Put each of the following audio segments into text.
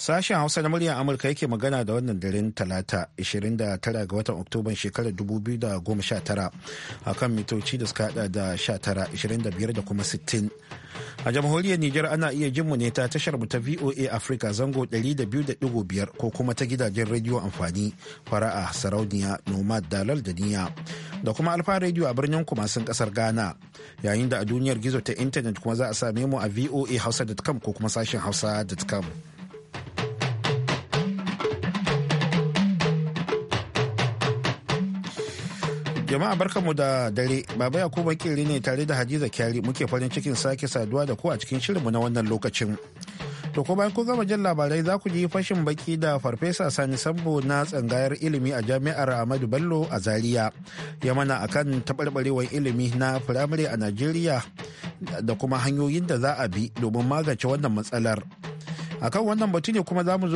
Sashen Hausa na muryar Amurka yake magana da wannan daren Talata 29 ga watan oktoba shekarar 2019 a kan mitoci da suka hada da 19.25 da kuma 60. A jamhuriyar Nijar ana iya jin mu ne ta tashar mu ta VOA Africa zango 200.5 ko kuma ta gidajen rediyo amfani fara'a sarauniya nomad dalal da niya da kuma alfa rediyo a birnin kumasin kasar Ghana yayin da a duniyar gizo ta intanet kuma za a same mu a voa hausa.com ko kuma sashen hausa.com. Jama'a barkanmu da dare, Baba Yakubu Kiri ne tare da Hadiza Kyari muke farin cikin sake saduwa da ku a cikin shirinmu na wannan lokacin. To ko bayan kun gama jin labarai za ku ji fashin baki da Farfesa Sani Sambo na tsangayar ilimi a Jami'ar Ahmadu Bello a Zaria. Ya mana a kan taɓarɓarewar ilimi na firamare a Najeriya da kuma hanyoyin da za a bi domin magance wannan matsalar. akan wannan batu ne kuma za mu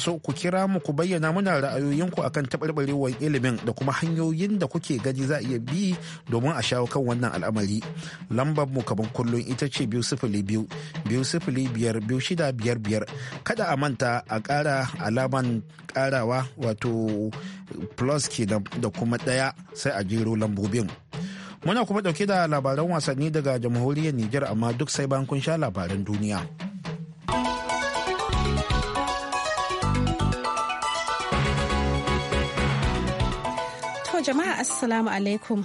so ku kira mu ku bayyana muna ra'ayoyinku akan taɓarɓarewar ilimin da kuma hanyoyin da kuke gaji za iya bi domin a shawo kan wannan al'amari lambar mu kaman kullum ita ce biyu sifili biyu biyu sifili biyar biyu shida biyar biyar kada a manta a ƙara alaman ƙarawa wato plus kenan da kuma ɗaya sai a jero lambobin muna kuma ɗauke da labaran wasanni daga jamhuriyar niger amma duk sai bayan kun sha labaran duniya. jama'a assalamu alaikum.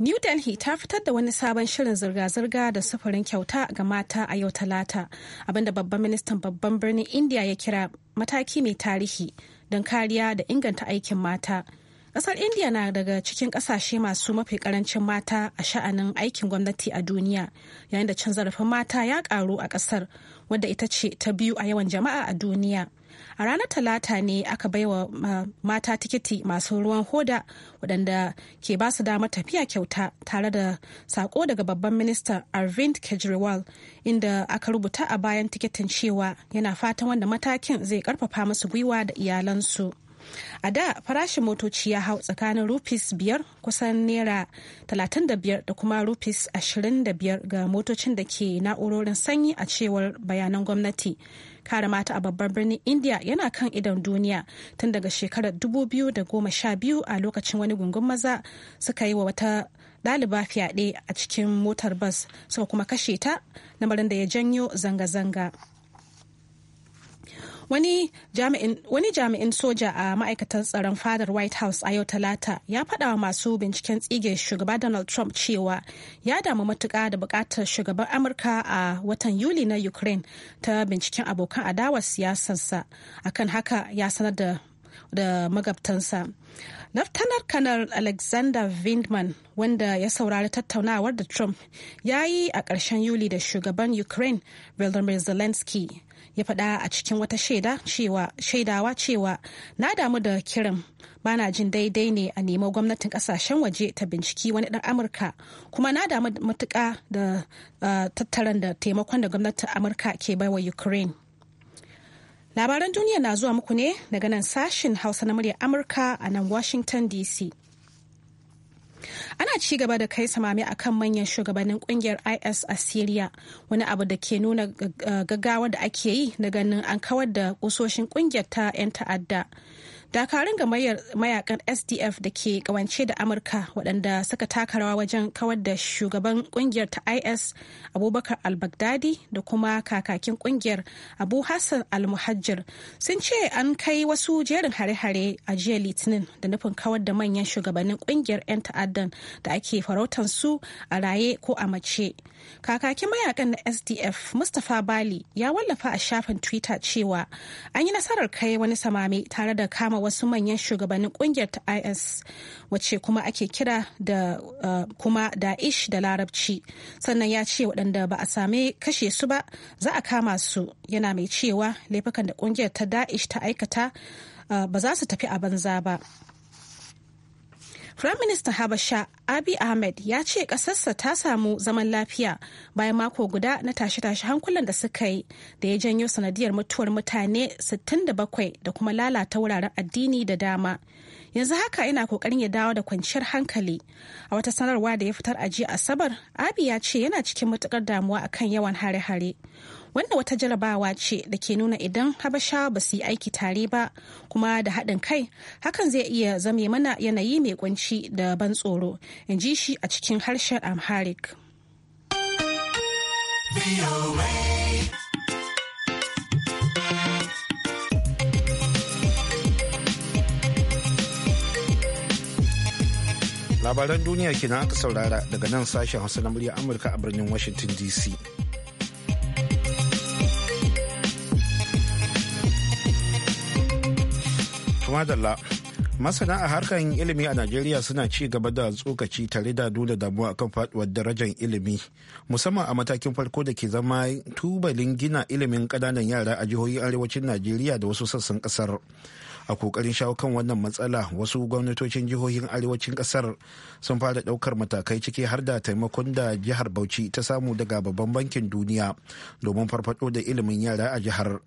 New Delhi ta fitar da wani sabon shirin zirga-zirga da sufurin kyauta ga mata a yau talata abinda babban ministan babban birnin India ya kira mataki mai tarihi don kariya da inganta aikin mata. Ƙasar India na daga cikin kasashe masu mafi ƙarancin mata a sha'anin aikin gwamnati a duniya yayin da cin zarafin mata ya karu a ƙasar, wadda ita ce ta biyu a yawan jama'a a duniya. a ranar talata ne aka baiwa mata tikiti masu ruwan hoda waɗanda ke ba su damar tafiya kyauta tare da sako daga babban ministan arvind kejriwal inda aka rubuta a bayan tikitin cewa yana fatan wanda matakin zai karfafa masu gwiwa da iyalansu. a da farashin motoci ya hau tsakanin rufis biyar kusan naira 35 da kuma rufis 25 ga motocin da ke na'urorin sanyi a cewar bayanan gwamnati kare mata a babbar birnin india yana kan idon duniya tun daga shekarar 2012 a lokacin wani gungun maza suka yi wa wata ɗaliba fyaɗe a cikin motar bas suka kuma kashe ta lamarin da ya janyo zanga-zanga. Wani jami'in soja a ma'aikatar tsaron fadar White House a yau talata ya faɗa wa masu binciken tsige shugaba Donald Trump cewa ya damu matuƙa da buƙatar shugaban Amurka a watan Yuli na Ukraine ta binciken abokan adawar siyasarsa. Akan haka ya sanar da da magabtansa. Laftanar kanar Alexander Vindman wanda ya saurari tattaunawar da Trump ya yi a ƙarshen Yuli da shugaban Ukraine Volodymyr Zelensky ya faɗa a cikin wata shaidawa cewa na damu da kiran bana jin daidai ne a nemo gwamnatin kasashen waje ta binciki wani dan amurka kuma na damu matuka da eh, tattaran da taimakon da gwamnatin amurka ke baiwa ukraine labaran duniya na zuwa muku ne daga nan sashin hausa na muryar amurka a nan washington dc ana ci gaba da kai samami a kan manyan shugabannin kungiyar is a syria wani abu da ke nuna gaggawa da ake yi na ganin an kawar da kusoshin kungiyar ta 'yan ta'adda dakarun ga mayakan sdf da ke kawance da amurka waɗanda suka taka rawa wajen kawar da shugaban kungiyar ta is abubakar al-baghdadi da kuma kakakin kungiyar abu hassan al-muhajjir sun ce an kai wasu jerin hare-hare a jiya litinin da nufin kawar da manyan shugabannin kungiyar 'yan ta'addan da ake farautansu a raye ko a mace Kakakin mayakan na SDF Mustapha Bali ya wallafa a shafin Twitter cewa an yi nasarar kai wani samame tare da kama wasu manyan shugabannin kungiyar ta IS wacce kuma ake kira da uh, kuma da'ish da Larabci. Sannan ya ce waɗanda ba a same kashe su ba za a kama su yana mai cewa laifukan da kungiyar ta da'ish ta aikata uh, ba za su tafi a banza ba. Minister Habasha Abi Ahmed ya ce ƙasarsa ta samu zaman lafiya bayan mako guda na tashe-tashe hankulan da suka yi da ya janyo sanadiyar mutuwar mutane 67 da kuma lalata wuraren addini da dama. Yanzu haka yana kokarin ya dawo da kwanciyar hankali. A wata sanarwa da ya fitar a jiya Asabar, Abi ya ce yana cikin matukar damuwa akan yawan hare-hare. Wannan wata jarabawa ce da ke nuna idan Habashawa ba su yi aiki tare ba kuma da haɗin kai hakan zai iya zame mana yanayi mai kunci da ban tsoro, in ji shi a cikin harshen Amharic. labaran duniya kenan aka saurara daga nan sashen hausa na murya amurka a birnin washington dc kuma Dalla. Masana a harkar ilimi a Najeriya suna ci gaba da tsokaci tare da dole damuwa kan faduwar darajar ilimi, musamman a matakin farko da ke zama tubalin gina ilimin ƙananan yara a jihohin arewacin Najeriya da wasu sassan kasar A kokarin shawo kan wannan matsala wasu gwamnatocin jihohin arewacin kasar sun fara ɗaukar matakai ciki har da taimakon da jihar Bauchi ta samu daga babban bankin duniya domin farfado da ilimin yara a jihar.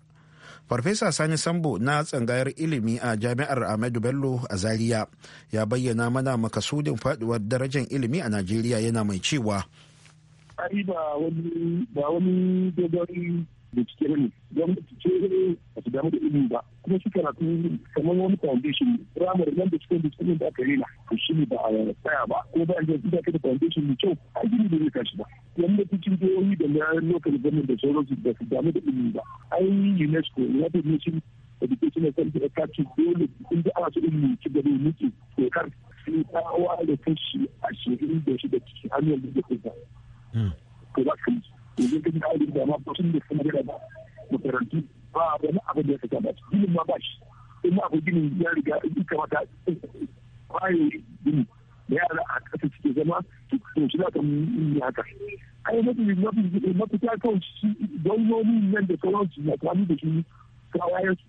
farfesa sani sambo na tsangayar ilimi a jami'ar ahmadu bello a zaria ya bayyana mana makasudin faduwar darajar ilimi a najeriya yana mai cewa ba wani dogon da cike ne gwamnati ce ne a su damu da ilimi ba kuma shi karatu kamar wani foundation ramar nan da cikin cikin da aka rena to shi ne ba a tsaya ba ko ba a yi da kada foundation mai kyau a gini da zai kashi ba da cikin jihohi da na lokacin government da sauransu ba su damu da ilimi ba ai unesco united nations education authority da ta ce dole in da ana so ilimi ci gaba miki dokar sai ta wa da kashi ashirin da da cikin hanyar da ke kusa. Hmm. To ba to zai kan kawo da ma kusan da kuma gada ba makarantu ba wani abin da ya saka ba ginin ma ba shi in ma akwai ginin ya riga in kamata kwaye gini da yara a ƙasa suke zama to shi za ka yi haka ai mafi mafi mafi ta kawai shi gwamnoni nan da sauransu na kwanu da shi kawayen su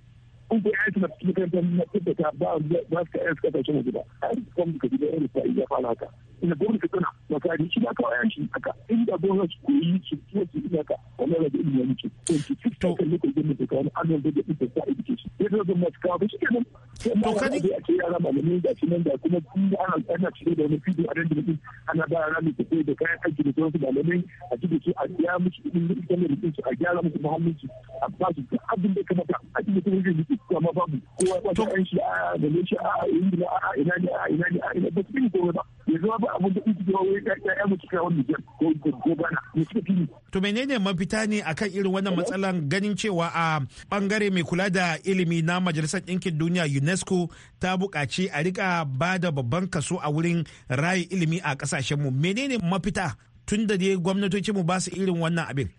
in ko ya na cikin kanta na tabbata ba za su ka yan su kasashen waje ba a yi kuma ka gida yan rufa ya fara haka ina gwamnati tana makari shi ba kawai yan shi haka inda gwamnati su koyi su kuma su ina ka wani rage ilimi ya mutu to ki fi ta kalli ko gwamnati ka wani annan da ɗin ta sa'a ɗin shi ya zama masu kawo ba shi ke nan sai ma wani da ake yara malamai da shi nan da kuma kun da ana ana cire da wani fido a dandamali ɗin ana ba rami ta koyi da kayan aiki da su malamai a cikin su a biya musu ɗin da su a gyara musu muhammanci a ba su abin da ya kamata a cikin su wajen amma babu kowa ba ta shi a gane shi a ingila a ina ne a ina ne a ina ba su yi ko ba ya zama ba abin da kuke cewa wai ka ya yi mutu kira da jan ko ko bana ne suka fi to menene mafita ne akan irin wannan matsalan ganin cewa a bangare mai kula da ilimi na majalisar ɗinkin duniya UNESCO ta buƙaci a rika ba da babban kaso a wurin rayu ilimi a ƙasashenmu menene mafita tun da dai gwamnatocinmu ba su irin wannan abin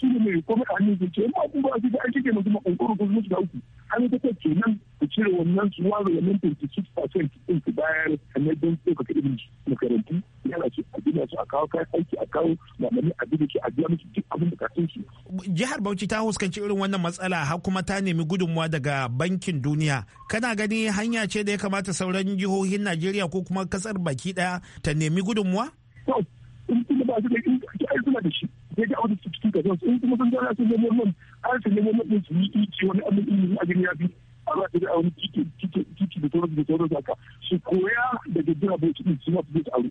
su ne mai komai a hannun su ce ma kun ba su da ake kenan kuma ƙunƙurin ko su da uku an ta ce kenan ku cire wannan su ware wannan 26% ɗin su bayar kamar don ɗaukaka irin makarantu yana ce a gina su a kawo kayan aiki a kawo malamai a gina ke a biya musu duk abin da kasin su. Jihar Bauchi ta fuskanci irin wannan matsala har kuma ta nemi gudunmuwa daga bankin duniya. Kana gani hanya ce da ya kamata sauran jihohin Najeriya ko kuma kasar baki daya ta nemi gudunmuwa? in kuma ba su da in ake ai suna da shi sai ga aure su cikin kasuwa in kuma sun gana sun nemo nan har su nemo nan su yi ice wani abin ilimin a gani ya fi a ba su da aure titi da sauransu da sauransu haka su koya daga jiragen su su ma su zai aure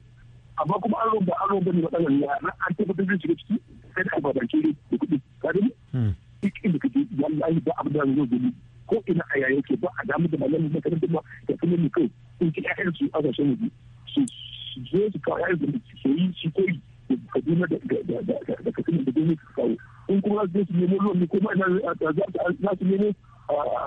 amma kuma an romba an romba ne matsalar yara an tabbatar da shiga ciki sai da ababen kere da kudi ka gani hmm. duk inda kake wallahi ba abin da zai gani ko ina a yayin ke ba a damu da malamin makarantar ba da kuma mu kai sun ci ƴaƴansu a gashin waje su su zo su kawo ƴaƴan da su yi su koyi da kaduna da kaduna da gani su kawo in kuma za su nemo ruwan ne ma za su nemo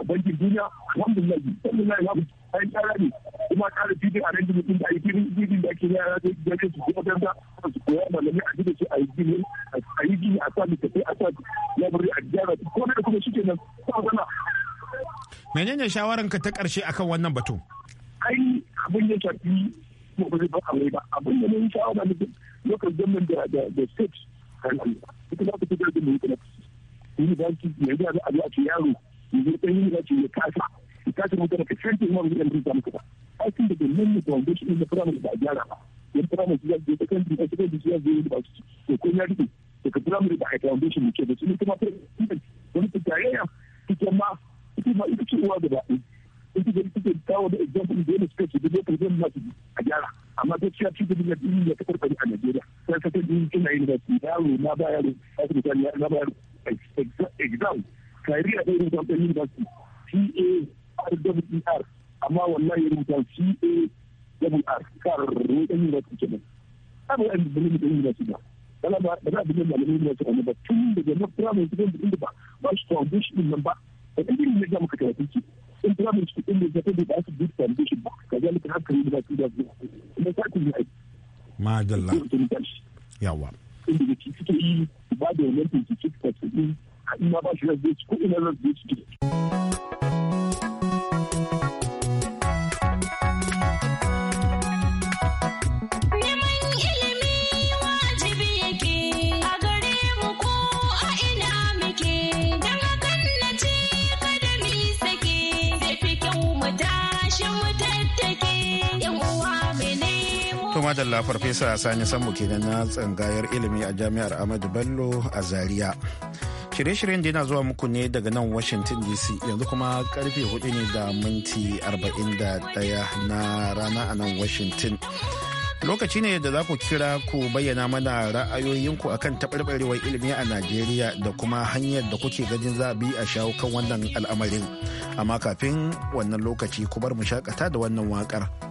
bankin duniya alhamdulillah alhamdulillah ba bu ai tsara ne kuma tsara fidin a nan da mutum da ai da ake yara da gare su kuma da su koya malamai a gida su a yi gini a yi gini a sa tafi a sa labari a gyara su kuma da kuma shi ke kenan ba zana. menene shawaranka ta karshe akan wannan batu? ai abin ya shafi kuma ba zai ba a ba abin da mun shawara da local government da da state kan ita za ta fitar da mun kuma university ne da a a ce yaro ne zai yi da ce ya kasa ya kasa mun kuma ka canza mun da mun samu kuma I think that the main foundation in the program da gyara ba yan program su zai ta kan da su zai yi da su to ko ya rike daga primary da foundation ne ke da su kuma wani tarayya ita ma ita ma ita ce uwa da ba'i ita da suke kawo da example da yana suka shiga lokacin masu a gyara amma gaskiya ci gaba da dini ya a Najeriya sai ka kina yin baki yaro na ba yaro ya su misali na ba yaro exam a ɗaya rubuta ta university amma wallahi ya ba. Kala ba da za a bi malamin university wani ba tun na firamare ba nan ba. Da in primary school din da ta da aka good foundation ka ga lika haka yi da su da su kuma ta ku yi madalla yawa inda da ciki ta yi ba da wannan ciki ta ciki a ina ba shi da su ko ina da su madalla farfesa sani sammu kenan na tsangayar ilimi a jami'ar ahmadu bello a zaria shirye-shiryen da yana zuwa muku ne daga nan washington dc yanzu kuma karfe hudu ne da minti da 41 na rana a nan washington lokaci ne da za ku kira ku bayyana mana ra'ayoyinku kan taɓarɓarewar ilimi a najeriya da kuma hanyar da kuke gajin zabi a shawo kan wannan al'amarin amma kafin wannan lokaci ku bar mu shakata da wannan waƙar.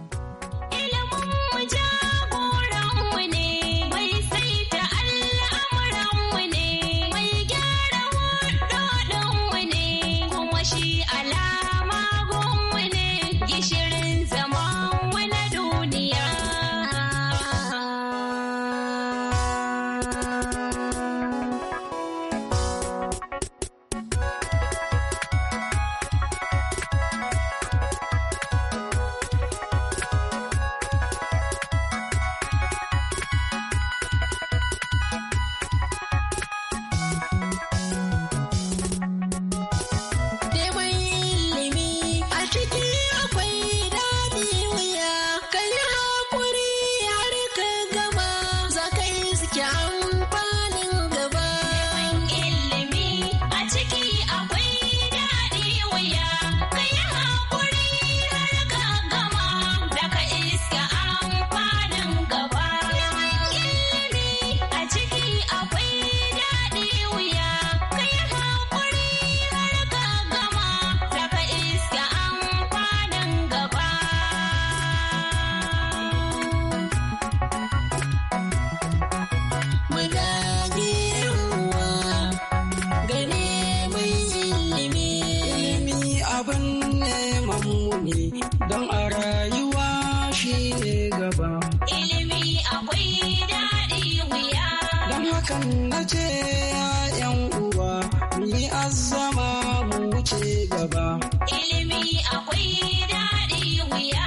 akwai daɗi wuya.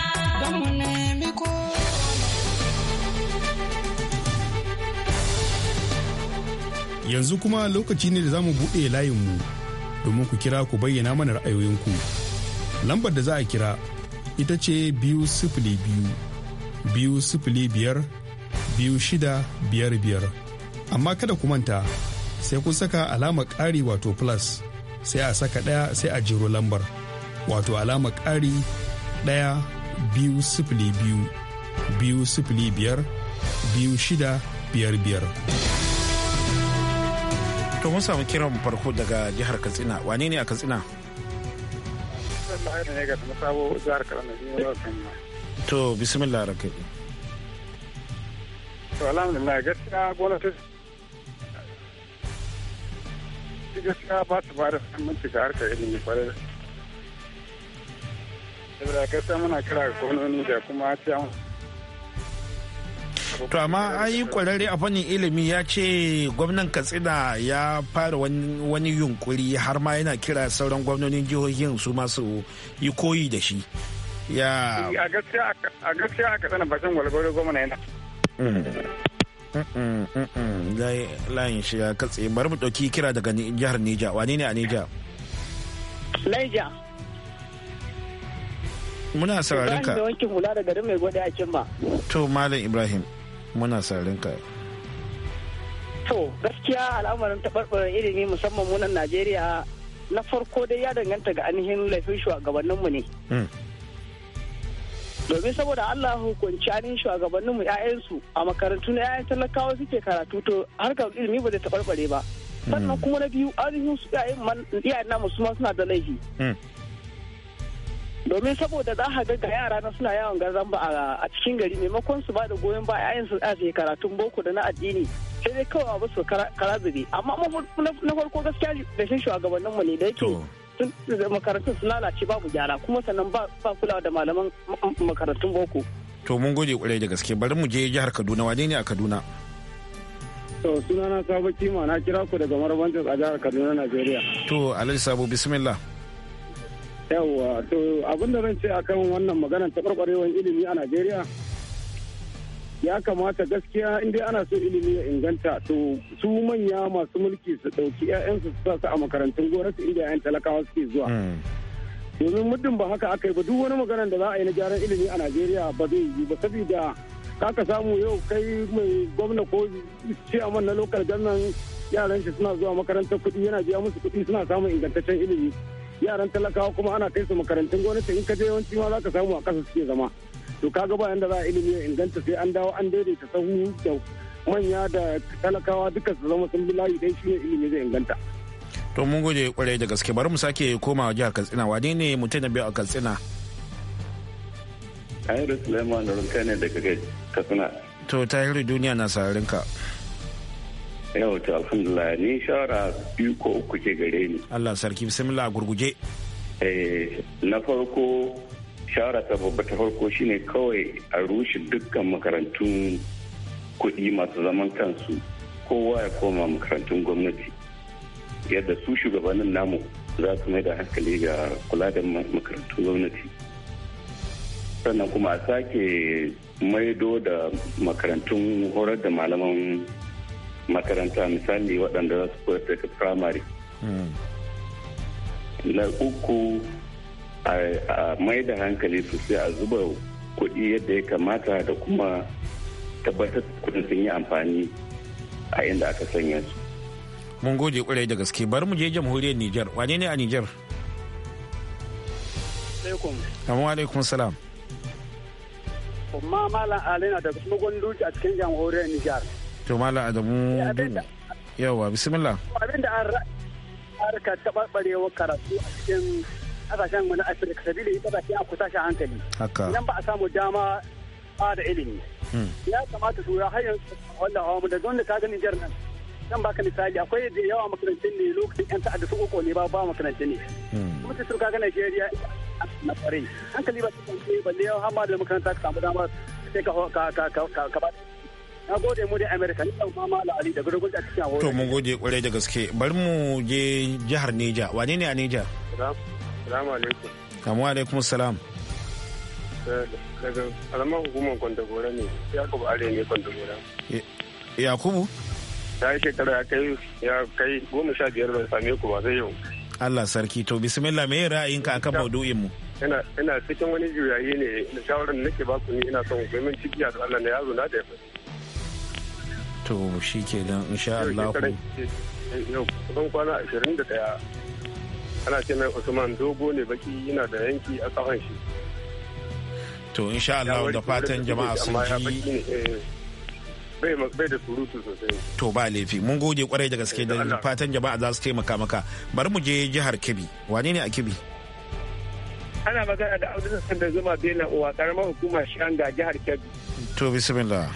Yanzu kuma lokaci ne da za mu buɗe layinmu domin ku kira ku bayyana mana ra'ayoyinku. Lambar da za a kira ita ce biyu sifili biyu biyu sifili biyar biyu shida biyar biyar amma kada ku manta sai ku saka alamar ƙari wato plus sai a saka ɗaya sai a jiro lambar wato alama ƙari ɗaya biyu sifili biyu biyu sifili biyar biyu shida biyar biyar. To mun samu kiran farko daga jihar Katsina wane ne a Katsina? To bismillah rakaɗi. To alhamdulillah gaskiya gwamnati gaskiya ba su ga harkar ilimi to amma an yi kwararre a fannin ilimi ya ce gwamnan katsina ya fara wani yunkuri har ma yana kira sauran gwamnonin jihohin su masu yi koyi da shi ya a gaskiya a katsina bakin gwalgwaro gwamna yana mm. layin shi ya katse bari mu ɗauki kira daga jihar Neja wani ne a Neja? Laija. Muna sararin ka. Ibrahim wankin hula da garin mai gwada yakin ba. To Malam Ibrahim muna sararin ka. To gaskiya al'amarin taɓarɓarar ilimi musamman munan Najeriya na farko dai ya danganta ga ainihin laifin shugabanninmu ne. Mm. domin saboda Allah hukunci ainihin shugabanninmu 'ya'yansu a makarantu na 'ya'yan talakawa suke karatu to harkar ilimi ba zai taɓarɓare ba sannan hmm. kuma na biyu ainihin su iyayen namu su ma suna da laifi hmm. domin saboda za ka ga yara na suna yawan garzan ba a cikin gari maimakon su ba da goyon ba 'ya'yan su ɗaje karatun boko da na addini sai dai kawai ba su kara amma na farko gaskiya da shi shugabanninmu ne da yake sun makarantun su lalace babu gyara kuma sannan ba kulawa da malaman makarantun boko to mun gode kwarai da gaske bari mu je jihar kaduna wane ne a kaduna to sunana sabo kima na kira ku daga marabantar a jihar kaduna najeriya to alhaji sabo bismillah yawwa to abin da zan ce akan wannan maganar taɓarɓarewar ilimi a najeriya ya kamata gaskiya in dai ana so ilimi ya inganta to su manya masu mulki su ɗauki 'ya'yansu su sa su a makarantun gwamnati inda 'ya'yan talakawa suke zuwa hmm. domin muddin ba haka aka yi ba duk wani maganar da za a yi na gyaran ilimi a najeriya ba zai yi ba saboda kaka samu yau kai mai gwamna ko ciyaman na lokal gannan yaran shi suna zuwa makarantar kuɗi yana biya musu kuɗi suna samun ingantaccen ilimi yaran talakawa kuma ana kai su makarantun gwamnati in ka je yawanci ma za ka samu a ƙasa suke zama to kaga ba yanda za a ilimi ya inganta sai an dawo an daidaita sahu da manya da talakawa duka su zama sun bi layi dai shi ne ilimi zai inganta to mun gode kwarai da gaske bari mu sake koma jihar katsina wane ne mutum na biyu a katsina tahiru suleiman rinka ne daga katsina to tahiru duniya na sararin ka yau to alhamdulillah ni shawara biyu ko uku ke gare ni allah sarki bismillah gurguje eh, na farko shawara ta babba ta farko shine kawai a rushe dukkan makarantun kuɗi masu zaman kansu kowa ya koma makarantun gwamnati yadda su shugabannin namu za su mai da hankali ga kula da makarantun gwamnati sannan kuma a sake maido da makarantun horar da malaman makaranta misali waɗanda za su koyar da firamare hmm. na uku a mai da hankali sosai a zuba kuɗi yadda ya kamata da kuma tabbatar kuɗin sun yi amfani a inda aka sanya su. Mun gode kwarai da gaske bari mu je jamhuriyar Nijar wane ne a Nijar? Assalamu alaikum salam. Kuma Malam Ali na daga kuma Duki a cikin jamhuriyar Nijar. To Malam Adamu eh, yawa bismillah. Abin da an harkar taɓarɓarewa karatu a cikin kasashen mu na Afirka sabili ita ba a kusa shi hankali. Idan ba a samu dama ba da ilimi. Hmm. Ya kamata su ya hanyar wanda hawa mu da zonda ta gani jar nan. Zan baka misali akwai da yawa makarantun ne lokacin yan ta'adda su uku ne ba ba makarantun ne. Hmm. Kuma sai sun ga Najeriya na kware Hankali ba su kanke balle yawa har ma da makaranta ka samu dama sai ka ka ka ka ba na gode mu da amerika ni ma mama ali da gurgun a cikin to mun gode kwarai da gaske bari mu je jihar neja wane ne a neja Salamu alaikum. Kamu alaikum salam. Eh, daga alamar hukumar kwandagora ne, Yakubu Ali ne kwandagora. Yakubu? Ta yi shekara ya kai ya kai goma sha biyar ban same ku ba zai yau. Allah sarki to bismillah me ra'ayinka akan maudu'in mu? Ina ina cikin wani juyayi ne da shawarar nake ba ku ni ina son ku min ciki a Allah ne yazo na da yafi. To shi kenan insha Allah. Yau kusan kwana ashirin da ɗaya ana ce mai usman dogo ne baki yana da yanki a kafan shi to insha Allah da fatan jama'a sun ji eh. bai da surutu sosai to ba laifi mun gode kwarai da gaske eh, da fatan jama'a za su taimaka maka bari mu je jihar kibi wane ne a kibi. ana magana da audu Hassan da Zuma Bela uwa karamar hukumar Shanga jihar Kebbi to bismillah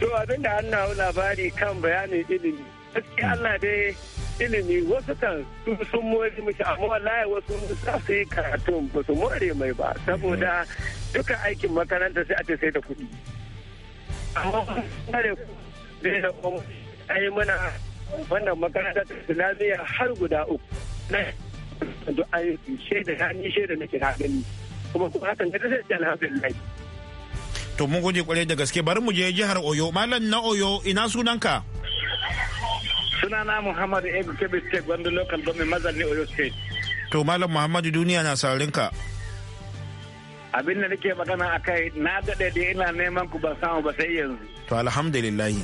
to abinda an na labari kan bayanin ilimi gaskiya hmm. Allah dai ilimi wasu kan sun more mishi amma wallahi wasu sa su yi karatun ba su more mai ba saboda duka aikin makaranta sai a ce sai da kuɗi amma kare da yi mana wannan ta islamiyya har guda uku na a yi shaida na ni shaida na na gani kuma kuma hakan da sai alhamdulillah to mun gode kwarai da gaske bari mu je jihar Oyo malam na Oyo ina sunanka sunana muhammadu ego kebbi state gwanda local gwamnati mazan ne oyo state to malam muhammadu duniya na saurin ka abin da nake magana a kai na daɗe da ina neman ku ban samu ba sai yanzu to alhamdulillahi.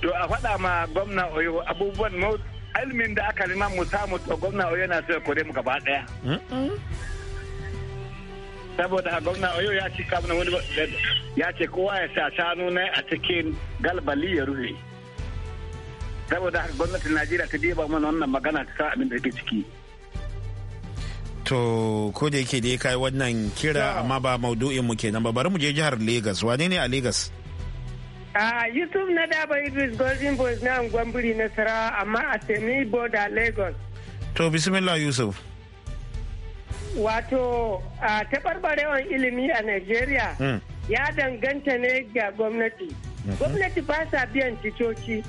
to a faɗa ma gwamna oyo abubuwan ilimin da aka nema mu samu to gwamna oyo na so ya kore mu gaba ɗaya hmm? saboda gwamna oyo ya ci kamuna wani ya ce kowa ya sa shanu na a cikin galbali ya rufe saboda haka gwamnatin najeriya ta deba mana wannan magana ta sa abin da take ciki to ko da yake dai kai wannan kira amma ba maudu'in mu kenan ba bari mu je jihar Legas wane ne a Legas a Yusuf na daba Idris Golden Boys na Gwamburi na Sarawa amma a Semi Boda Lagos to bismillah Yusuf wato a tabarbarewan ilimi a Najeriya hmm. ya danganta ne ga gwamnati mhm. gwamnati ba sa biyan ticoci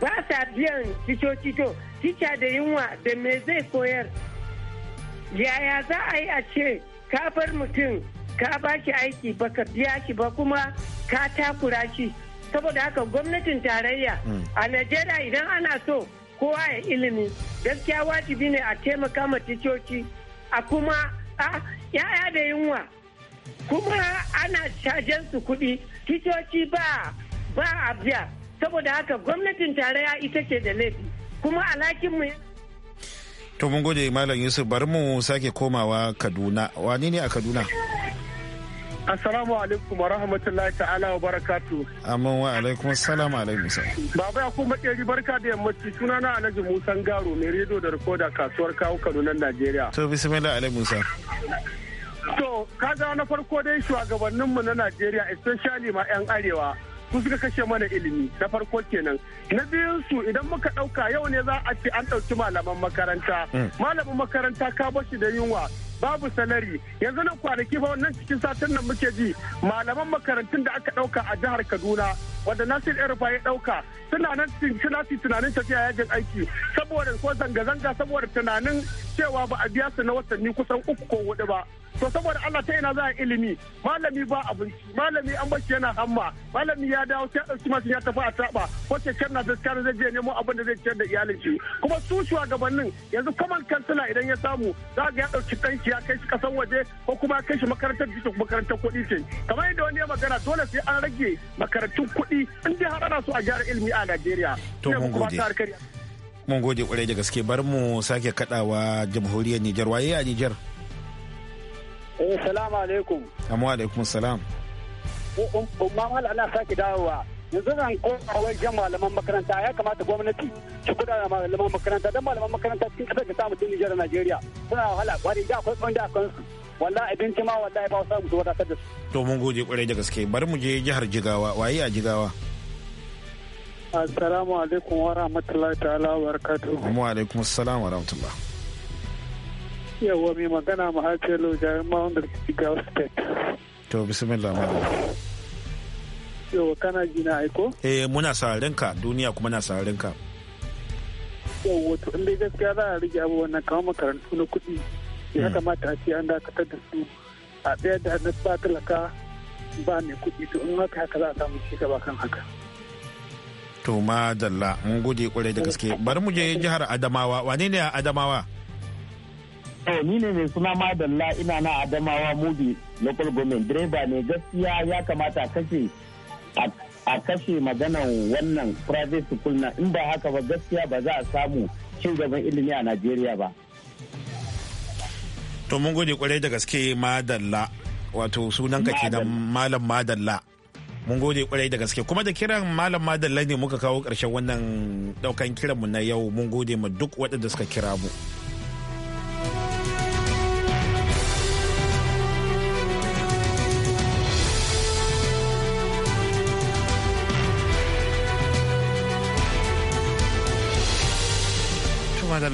ba sa biyan ticoci to cica da yunwa da me zai koyar yaya za a yi a ce ka bar mutum ka ba shi aiki ka biya shi ba kuma ka takura shi saboda haka gwamnatin tarayya hmm. a najeriya idan ana so kowa ya ilimi gaskiya wajibi ne a taimaka ma ticoci a kuma a yaya da yunwa kuma ana cajen su kuɗi ticoci ba ba a biya saboda haka gwamnatin tarayya ita ce da laifi kuma mu. to mun gode malam yusuf bari mu sake komawa kaduna wani ne a kaduna Assalamu alaikum wa rahmatullahi ta'ala wa barakatu. Amin wa alaikum salam alaikum sa. Baba ya kuma ɗari barka da yammaci suna na Alhaji Musa Garo mai rediyo da rikoda kasuwar kawo Kaduna Najeriya. To bismillah alaikum Musa. To kaga na farko dai shugabanninmu na Najeriya especially ma 'yan arewa su suka kashe mana ilimi na farko kenan na biyun su idan muka ɗauka yau ne za a ce an ɗauki malaman makaranta hmm. malamin makaranta ka bashi da yunwa babu salari yanzu nan kwanaki fa wannan cikin satin nan muke ji malaman makarantun da aka ɗauka a jihar kaduna wanda nasir erfa ya ɗauka suna nan suna tunanin tafiya yajin aiki saboda ko zanga-zanga saboda tunanin cewa ba a biya su na watanni kusan uku ko hudu ba to saboda Allah ta ina za a ilimi malami ba abinci malami an bashi yana hamma malami ya dawo sai ɗauki masu ya tafi a taɓa ko keken na fiskar zai je nemo abin da zai ciyar da iyalin shi kuma su shugabannin yanzu common kansila idan ya samu za ga ya dauki ɗan shi ya kai shi kasan waje ko kuma a kai shi makarantar da makarantar kuɗi ce kamar yadda wani ya magana dole sai an rage makarantun kuɗi in dai har ana so a gyara ilimi a Najeriya. To mun gode. Mun gode kwarai da gaske bar mu sake kaɗawa jamhuriyar Nijar waye a Nijar. Eh, salamu alaikum. Amu alaikum salam. Eh, Umma um, mala ana sake dawowa. Yanzu zan koma wajen malaman makaranta ya kamata gwamnati su kuɗa da malaman makaranta don malaman makaranta cikin ƙasar da samu Nijar da Najeriya suna wahala ƙwari da akwai ɓangare a kansu. Wallahi abinci ma wallahi ba wasu su wadatar da su. To mun gode kwarai da gaske bari mu je jihar Jigawa waye a Jigawa. Assalamu alaikum wa rahmatullahi ta'ala wa barakatuhu. Wa alaikum assalam wa rahmatullahi. yawa mai magana ma hajjiyar lojayen to bismillah ma'am kana na aiko eh muna sararin ka duniya kuma na sararin ka to inda gaskiya za a rage abubuwan nan na kuɗi ya hmm. kamata an dakatar da su a kuɗi to in za a ci gaba kan haka to mun gode kwarai da gaske bari mu je jihar adamawa wane ne adamawa Eh ni ne mai suna Madalla ina na Adamawa Mubi local government direba ne gaskiya ya kamata kashe a kashe maganan wannan private school na in ba haka ba gaskiya ba za a samu cin gaban ilimi a Najeriya ba. To mun gode kwarai da gaske Madalla wato sunanka kenan Malam Madalla. mun gode kwarai da gaske kuma da kiran malam madalla ne muka kawo ƙarshen wannan daukan kiranmu na yau mun gode ma duk waɗanda suka kira mu.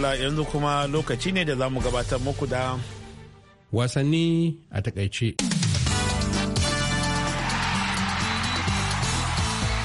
Allah yanzu kuma lokaci ne da za mu gabatar muku da wasanni a takaice.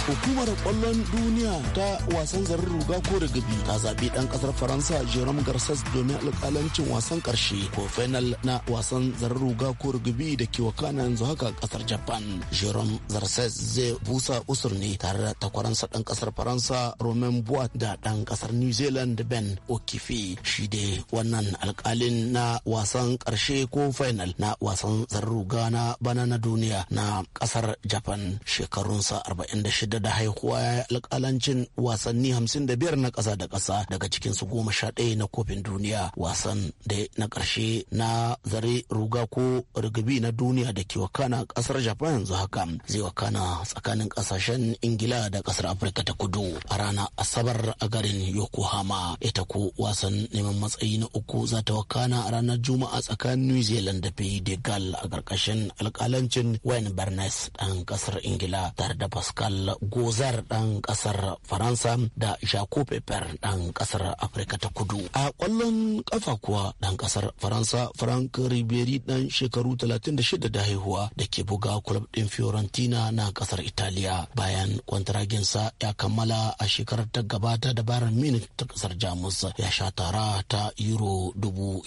hukumar kwallon duniya ta wasan zarar ruga ko da gabi ta zaɓi ɗan ƙasar faransa jerome garces domin alƙalancin wasan ƙarshe ko final na wasan zarar ruga ko da gabi da ke wakana yanzu haka ƙasar japan jerome garces zai busa usur ne tare da takwaransa ɗan ƙasar faransa romain boat da ɗan ƙasar new zealand ben okife shi dai wannan alƙalin na wasan ƙarshe ko final na wasan zarar ruga na bana na duniya na ƙasar japan shekarunsa 46 da da haihuwa ya alƙalancin wasanni 55 na ƙasa da ƙasa daga cikin su goma sha ɗaya na kofin duniya wasan da na ƙarshe na zare ruga ko rugby na duniya da ke wakana ƙasar japan yanzu haka zai wakana tsakanin ƙasashen ingila da ƙasar afirka ta kudu a rana asabar a garin yokohama ita ko wasan neman matsayi na uku za ta wakana a ranar juma'a tsakanin new zealand da fi de a ƙarƙashin alƙalancin wayne barnes ɗan ƙasar ingila tare da pascal gozar ɗan ƙasar faransa da jaco pepper ɗan ƙasar afirka ta kudu a ƙwallon ƙafa kuwa ɗan ƙasar faransa frank ribery ɗan shekaru 36 da haihuwa da ke buga kulob ɗin fiorentina na ƙasar italiya bayan kwantaraginsa ya kammala a shekarar ta gabata da bayern munich ta ƙasar jamus ya sha tara ta euro dubu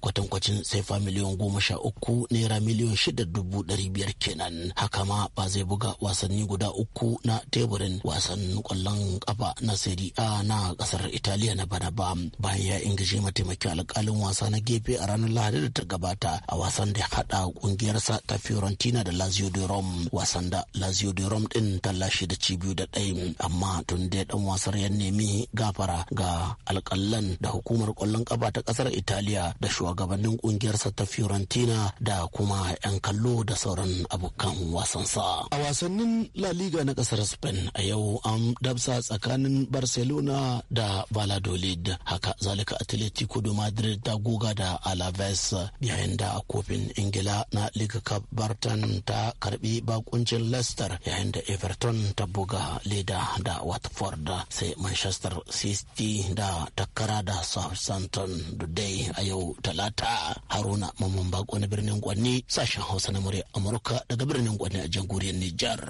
kwatankwacin sai fa miliyan goma sha uku naira miliyan shida dubu ɗari biyar kenan haka ma ba zai buga wasanni guda uku na na teburin wasan kwallon kafa na Serie A na kasar Italiya na bana ba bayan ya ingishi mataimakin alkalin wasa na gefe a ranar Lahadi da ta gabata a wasan da ya hada kungiyarsa ta Fiorentina da Lazio de Rome wasan da Lazio de Rome din ta lashe da cibiyu da ɗaya amma tun da dan wasar ya nemi gafara ga alkalan da hukumar kwallon kafa ta kasar Italiya da shugabannin kungiyarsa ta Fiorentina da kuma 'yan kallo da sauran abokan wasansa. A wasannin La Liga na kasar spain a yau an dabsa tsakanin barcelona da valladolid haka zalika atletico de madrid ta goga da alaves yayin da kofin ingila na liga cup barton ta karbi bakuncin leicester yayin da everton ta buga leda da watford sai manchester city da takara da southampton dai a yau talata haruna mamman bako na birnin gwanni sashen hausa na murya amurka daga birnin gwanni a jamhuriyar nijar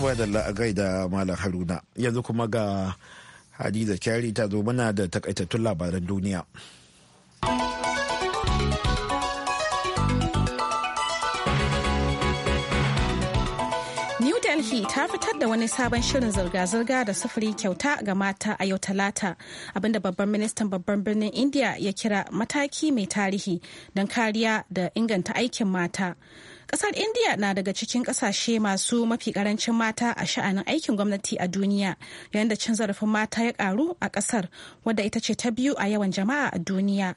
to bai da la'agai da malam haruna yanzu kuma ga hadiza kyari ta zo mana da takaitattun labaran duniya New Delhi ta fitar da wani sabon shirin zirga-zirga da sufuri kyauta ga mata a yau talata abinda babban ministan babban birnin India ya kira mataki mai tarihi don kariya da inganta aikin mata. Kasar India na daga cikin kasashe masu mafi karancin mata a sha'anin aikin gwamnati a duniya, yayin da cin zarafin mata ya karu a kasar wadda ita ce ta biyu a yawan jama'a a duniya.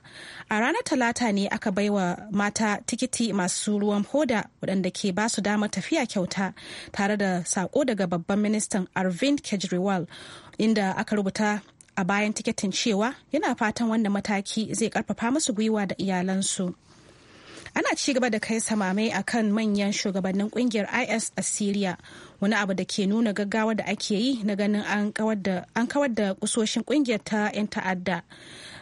A ranar Talata ne aka baiwa mata tikiti masu ruwan hoda waɗanda ke ba su damar tafiya kyauta tare da sako daga babban ministan Arvind Kejriwal inda aka rubuta a bayan tiketin cewa yana fatan wannan mataki zai karfafa musu gwiwa da iyalansu. ana ci gaba da kai samamai a kan manyan shugabannin kungiyar is a syria wani abu da ke nuna gaggawa da ake yi na ganin an kawar da kusoshin kungiyar ta 'yan ta'adda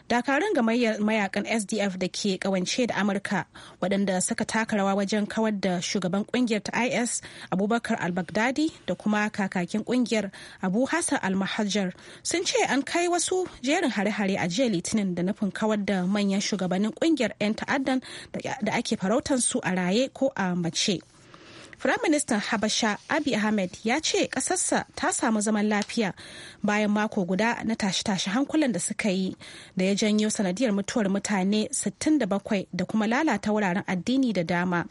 dakarun ga mayakan sdf da ke kawance da amurka waɗanda suka taka rawa wajen kawar da shugaban kungiyar ta is abubakar al-baghdadi da kuma kakakin kungiyar abu hassan al-mahajar sun ce an kai wasu jerin hare-hare a jiya litinin da nufin kawar da manyan shugabannin kungiyar 'yan ta'addan da ake farautar su a raye ko a mace. Firaministan Habasha abi Ahmed ya ce ƙasarsa ta samu zaman lafiya bayan mako guda na tashi-tashi hankulan da suka yi da ya janyo sanadiyar mutuwar mutane 67 da kuma lalata wuraren addini da dama.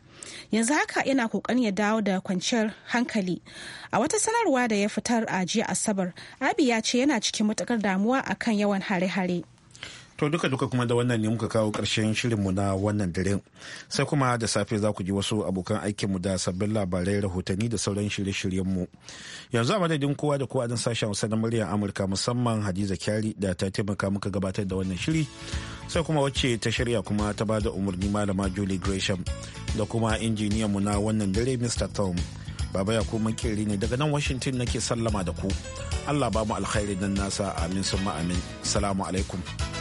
Yanzu haka yana kokarin ya dawo da kwanciyar hankali. A wata sanarwa da ya fitar a jiya Asabar, abi ya ce yana cikin matukar damuwa akan yawan hare-hare. To duka duka kuma da wannan ne muka kawo ƙarshen shirinmu na wannan dare. Sai kuma da safe za ku ji wasu abokan aikinmu da sabbin labarai rahotanni da sauran shirye-shiryenmu. Yanzu a madadin kowa da kowa don sashen Hausa na muryar Amurka musamman Hadiza Kyari da ta taimaka muka gabatar da wannan shiri. Sai kuma wacce ta shirya kuma ta ba da umarni malama Julie Gresham da kuma injiniyanmu na wannan dare Mr. Tom. Baba ya kuma kiri ne daga nan Washington nake sallama da ku. Allah ba mu alkhairi nan nasa amin sun amin. Salamu alaikum.